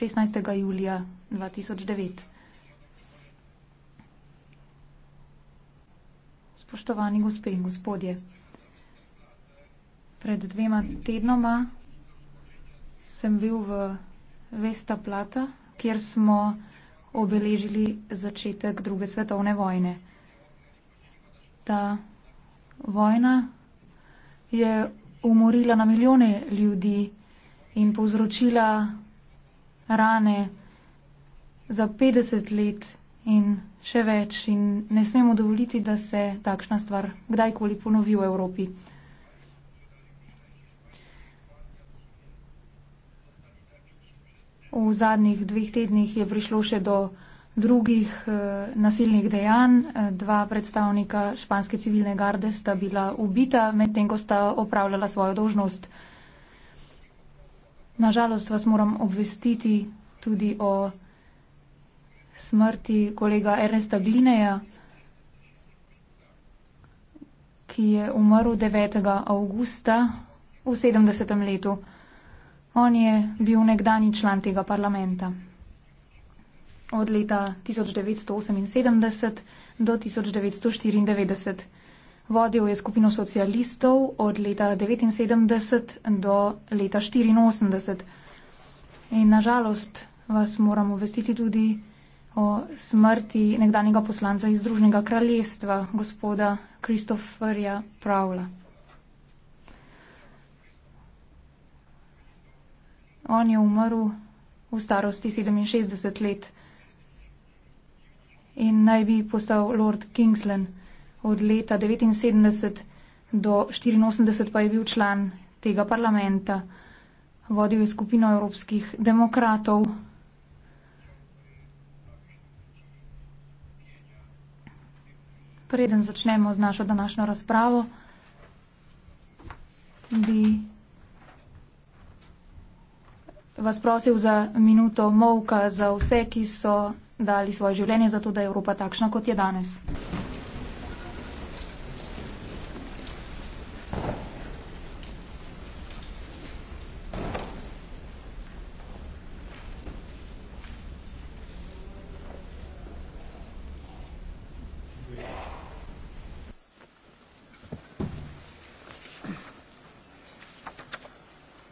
16. julija 2009. Spoštovani gospe in gospodje, pred dvema tednoma sem bil v Vesta Plata, kjer smo obeležili začetek druge svetovne vojne. Ta vojna je umorila na milijone ljudi in povzročila rane za 50 let in še več in ne smemo dovoliti, da se takšna stvar kdajkoli ponovi v Evropi. V zadnjih dveh tednih je prišlo še do drugih e, nasilnih dejanj. Eh, dva predstavnika španske civilne garde sta bila ubita, medtem ko sta opravljala svojo dožnost. E, Na žalost vas moram obvestiti tudi o smrti kolega Ernesta Glineja, ki je umrl 9. avgusta v 70. letu. On je bil nekdani član tega parlamenta. Od leta 1978 do 1994. Vodil je skupino socialistov od leta 1979 do leta 1984. In nažalost vas moram obvestiti tudi o smrti nekdanjega poslanca iz Združnega kraljestva, gospoda Kristoferja Pravla. On je umrl v starosti 67 let in naj bi postal Lord Kingsland od leta 79 do 84 pa je bil član tega parlamenta. Vodil je skupino evropskih demokratov. Preden začnemo z našo današnjo razpravo, bi vas prosil za minuto molka za vse, ki so dali svoje življenje za to, da je Evropa takšna, kot je danes.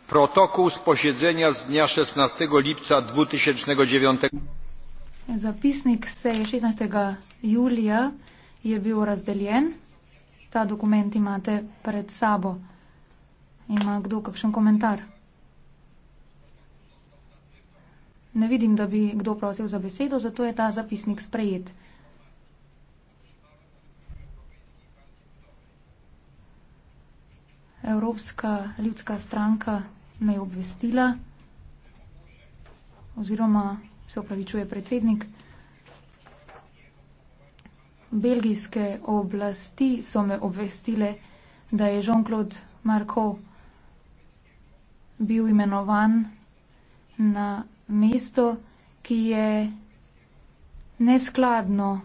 Protokół z posiedzenia z dnia 16 lipca 2009 Zapisnik seje 16. julija je bil razdeljen. Ta dokument imate pred sabo. Ima kdo kakšen komentar? Ne vidim, da bi kdo prosil za besedo, zato je ta zapisnik sprejet. Evropska ljudska stranka me je obvestila, oziroma se opravičuje predsednik. Belgijske oblasti so me obvestile, da je Jean-Claude Marko bil imenovan na mesto, ki je neskladno.